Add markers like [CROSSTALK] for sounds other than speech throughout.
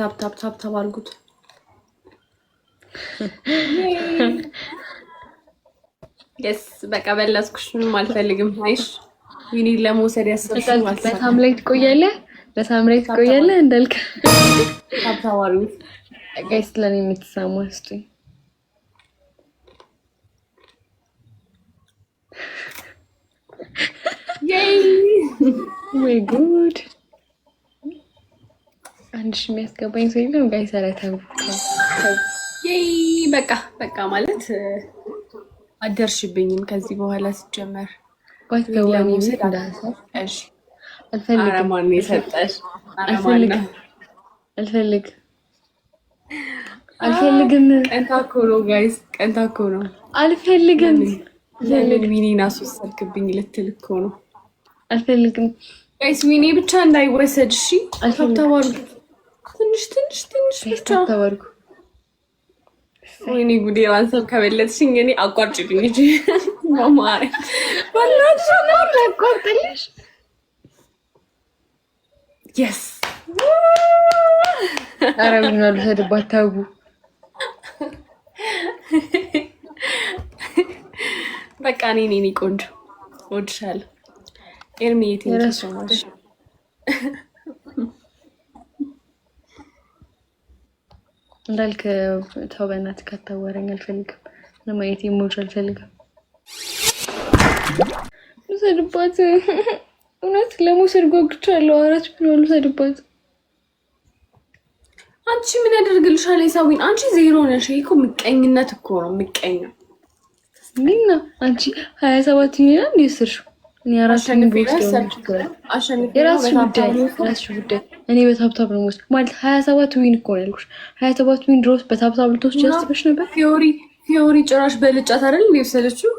ታብ ታብ ታብ ታብ አድርጉት። የስ በቃ ምንም አልፈልግም። አይሽ ይኔ ለመውሰድ ያሰብሽው በታም ላይ ትቆያለህ፣ በታም ላይ ትቆያለህ እንዳልክ ታብ ታብ አድርጉት። ጋይስ ለኔ የምትሰሙ ስጡኝ። ወይ ጉድ አንድ ሺ የሚያስገባኝ ሰው የለም። ጋይሰራ በቃ በቃ ማለት አደርሽብኝም። ከዚህ በኋላ ሲጀመር አልፈልግም አልፈልግም። ቀንታኮ ነው ጋይስ፣ ቀንታኮ ነው። አልፈልግም ለምን ዊኔን አስወሰድክብኝ ልትል እኮ ነው። አልፈልግም ጋይስ፣ ዊኔ ብቻ እንዳይወሰድ እሺ። ታብታብ ትንሽ ትንሽ ትንሽ ብቻ ተወርኩ። ወይኔ ጉዴ! ማንሰብ ከበለጥሽኝ እኔ አቋርጭልኝ እንጂ በማሪ ወላሽ ወላ አቋርጥልሽ። የስ ኧረ ምን ልውሰድባት? ተው በቃ እኔ ነኝ ቆንጆ። እወድሻለሁ ኤርሚ የት እንዳልክ ተው፣ በእናትህ ካታወረኝ አልፈልግም። ለማየት የሞች አልፈልግም። ውሰድባት፣ እውነት ለመውሰድ ጓጉቻለሁ። አራት ብሏል። ውሰድባት። አንቺ ምን ያደርግልሻል? ሳዊን፣ አንቺ ዜሮ ነሽ እኮ። ምቀኝነት እኮ ነው ምቀኝ ነው። ግን አንቺ ሀያ ሰባት ሚሊዮን እንዲስርሽው እኔ በታብታብ ነው ማለት ሀያ ሰባት ዊን እኮ ነው ያልኩሽ። ሀያ ሰባት ዊን ድሮስ በታብታብ ልትወስጂ ነበር። ፊዮሪ ጭራሽ በልጫት አይደል የወሰደችው።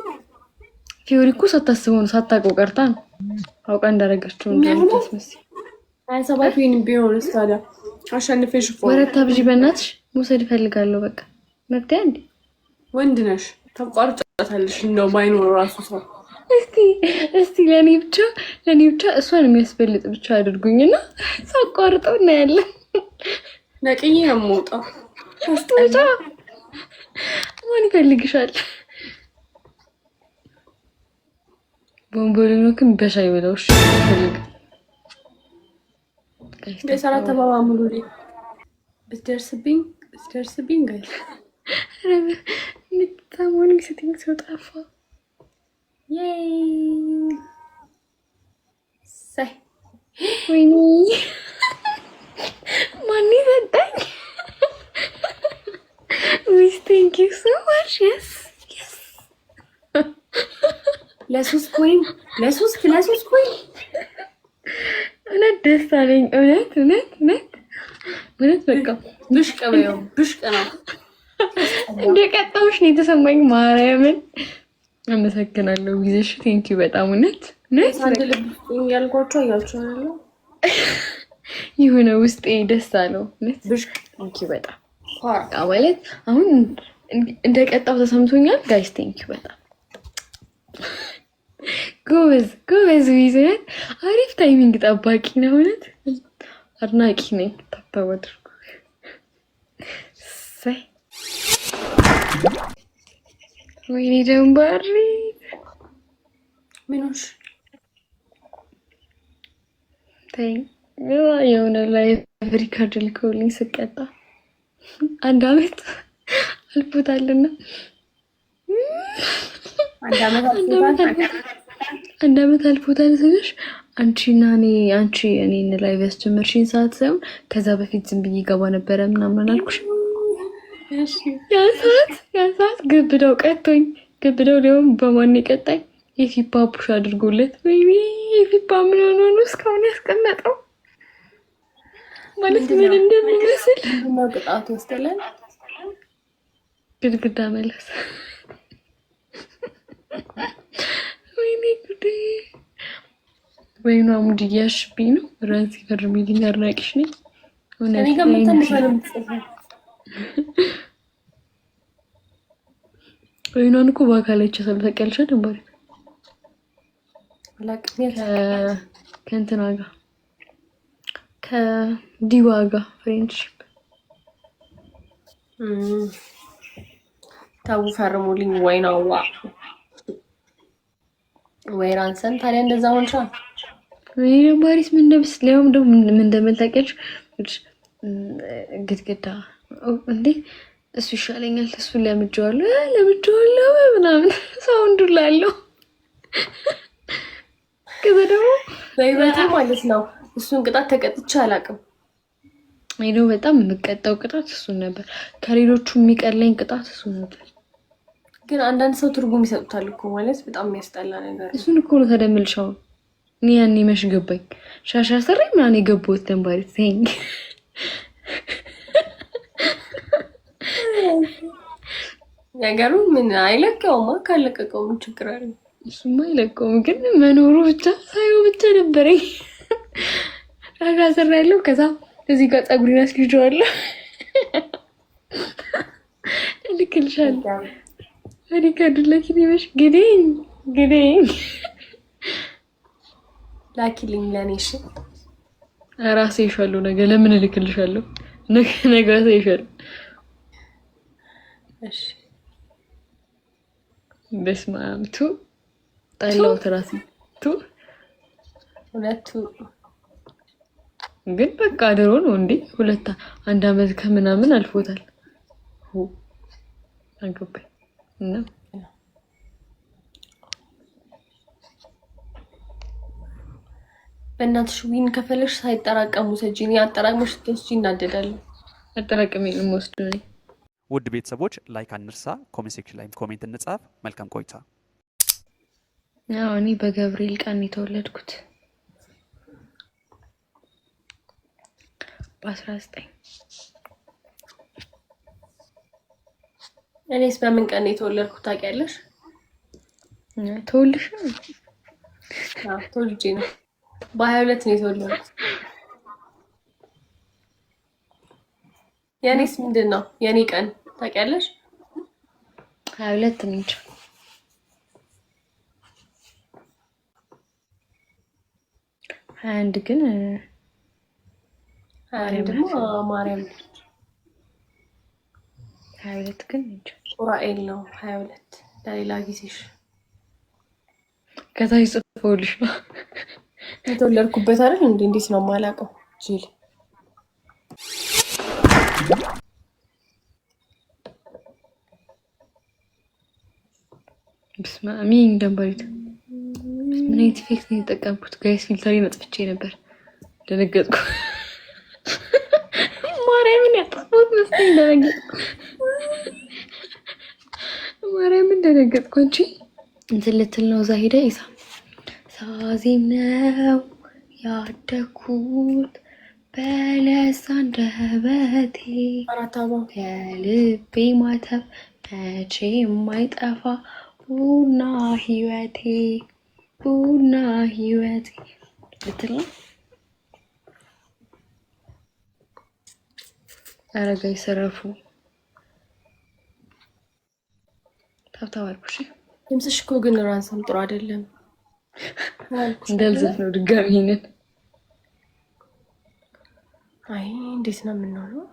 ፊዮሪ እኮ ሳታስበው ነው ሳታውቀው ቀርታ ነው አውቃ እንዳረገችው ሀያ ሰባት ዊን ቢሆንስ ታዲያ አሸንፌሽ እኮ በእናትሽ መውሰድ እፈልጋለሁ። በቃ ወንድ ነሽ። ተቋርጫታለሽ እንደው ባይኖር ራሱ ሰው እስቲ እስቲ ለእኔ ብቻ ለእኔ ብቻ እሷን የሚያስበልጥ ብቻ አድርጉኝና ሳቋርጠው እናያለን። ነቅዬ ነው የምወጣው። አስጠጫ ማን ይፈልግሻል? ቦንቦሊኖክን በሻ ብለው ፈልግ ተባባ ተባባሙሉ ብትደርስብኝ ብትደርስብኝ ጋይ ሰሞኑን ሴቲንግ ሰው ጠፋ። ወይኔ ማን ሰጠኝ? ለሶስት ወይም ለሶስት ለሶስት ወይም እውነት ደስ አለኝ። እውነት እውነት እውነት እውነት በቃ ብሽቅ ብሽቅ ነው። እንደቀጣሁሽ ነው የተሰማኝ ማርያምን አመሰግናለሁ ጊዜሽ። ቴንኪው በጣም እውነት ያልኳቸው እያልችኋለሁ [LAUGHS] የሆነ ውስጤ ደስ አለው እውነት። ቴንኪው በጣም ማለት አሁን እንደ ቀጣው ተሰምቶኛል ጋይስ። ቴንኪው በጣም [LAUGHS] ጎበዝ ጎበዝ። ዊዝ አሪፍ ታይሚንግ ጠባቂ ነው እውነት። አድናቂ ነኝ ታታወድር ወይኔ ደንባሪ ምኖሽ ተይ የሆነ ላይ ሪካርድ ልከውልኝ ስቀጣ አንድ አመት አልፎታልና አንድ አመት አልፎታል ስልሽ አንቺና እኔ አንቺ እኔን ላይ በስጀመርሽኝ ሰዓት ሳይሆን ከዛ በፊት ዝም ብዬ ገባ ነበረ ምናምን አላልኩሽም ያሳት ያሳት ግብደው ቀቶኝ ግብደው ሊሆን በማን ቀጣይ የፊፓ ፑሽ አድርጎለት ወይኔ የፊፓ ምን ሆኖ ነው እስካሁን ያስቀመጠው ማለት ምን እንደሚመስል ቅጣት ወስደለን ግድግዳ መለስ ወይኔ ጉዴ ወይኗ ሙድ እያሽብኝ ነው ረንሲቨር ሚዲንግ አድናቂሽ ነኝ እውነት ወይኗን እኮ በአካላች ሰምተቅ ያልሻ ድንባሪ ከእንትና ጋር ከዲዋ ጋር ታቡ ፈርሙልኝ። ወይናዋ ወይራን ሰን ታዲያ እንደዛ ሆንሻል። ወይ ድንባሪስ ምን እንደምስ ሊያውም ደግሞ ምን እንደምታውቂያለሽ ግድግዳ እንዴ እሱ ይሻለኛል፣ እሱን ለምጄዋለሁ ለምጄዋለሁ ምናምን [LAUGHS] ሳውንዱ ላለው ከዛ ደግሞ በይበቱ ማለት ነው። እሱን ቅጣት ተቀጥቼ አላውቅም። እኔ በጣም የምቀጣው ቅጣት እሱ ነበር። ከሌሎቹ የሚቀለኝ ቅጣት እሱ ነበር። ግን አንዳንድ ሰው ትርጉም ይሰጡታል እኮ ማለት በጣም የሚያስጠላ ነገር። እሱን እኮ ነው ተደምልሻው። እኔ ያኔ መሽ ገባኝ ሻሻ ስሬ ምናምን የገባሁት ደንባሪ ነገሩ ምን አይለቀውማ። ካለቀቀው ምን ችግር አለ። እሱማ አይለቀውም፣ ግን መኖሩ ብቻ ሳይ ብቻ ነበረኝ። ራጋ ስራ ያለው ከዛ እዚህ ጋር ጸጉሪ አስጊዤዋለሁ። እልክልሻለሁ። እኔ ከዱላኪን ይበሽ ግዴኝ ግዴኝ ላኪልኝ ለኔሽ ራሴ ይሻሉ ነገ ለምን እልክልሻለሁ? ነገ ነገ ራሴ ይሻሉ። እሺ በስመ አብ ቱ ጠላሁት እራሴ ቱ ሁለቱ ግን በቃ ድሮ ነው እንዴ? ሁለት አንድ አመት ከምናምን አልፎታል። አገባኝ እና በእናትሽ ዊን ከፈለሽ ሳይጠራቀሙ ሰጂ አጠራቅመሽ ስትወስጂ እናደዳለን። አጠራቅሜ ነው የምወስደው እኔ ውድ ቤተሰቦች ላይክ አንርሳ፣ ኮሜንት ሴክሽን ላይ ኮሜንት እንጻፍ። መልካም ቆይታ። እኔ በገብርኤል ቀን የተወለድኩት በአስራ ዘጠኝ እኔስ በምን ቀን የተወለድኩት ታውቂያለሽ? ተወልሽ ተወልጄ ነው። በሀያ ሁለት ነው የተወለድኩት። የኔስ ምንድን ነው የኔ ቀን? ታውቂያለሽ? ሀያ ሁለት ነው ሀያ አንድ ግን ሀያ ማርያም ነች። ሀያ ሁለት ግን እንጂ ቁራኤል ነው። ሀያ ሁለት ለሌላ ጊዜሽ ከታች ጽፈውልሽ ነው የተወለድኩበት አይደል? እንዲ እንዴት ነው የማላውቀው ጅል ሚኝ ደንበሪት ምን አይነት ኢፌክት ነው የተጠቀምኩት? ጋይስ ፊልተር መጥፍቼ ነበር። ደነገጥኩ። ማርያምን ያጠፋሁት መስሎኝ ደነገጥኩ። ማርያምን ደነገጥኩ። አንቺ እንትን ልትል ነው እዛ ሄደ ይሳ ሳዜም ነው ያደኩት በለሳ አንደበቴ ከልቤ ማተብ መቼ የማይጠፋ ቡና ህይወቴ ቡና ህይወቴ ልትል ነው። አረጋይ ሰረፉ ታብታብ ድምፅሽ እኮ ግን ራንሳም ጥሩ አይደለም። [LAUGHS] እንዳልዘፍ ነው ድጋሚ ይሄንን። አይ እንዴት ነው የምንሆነው?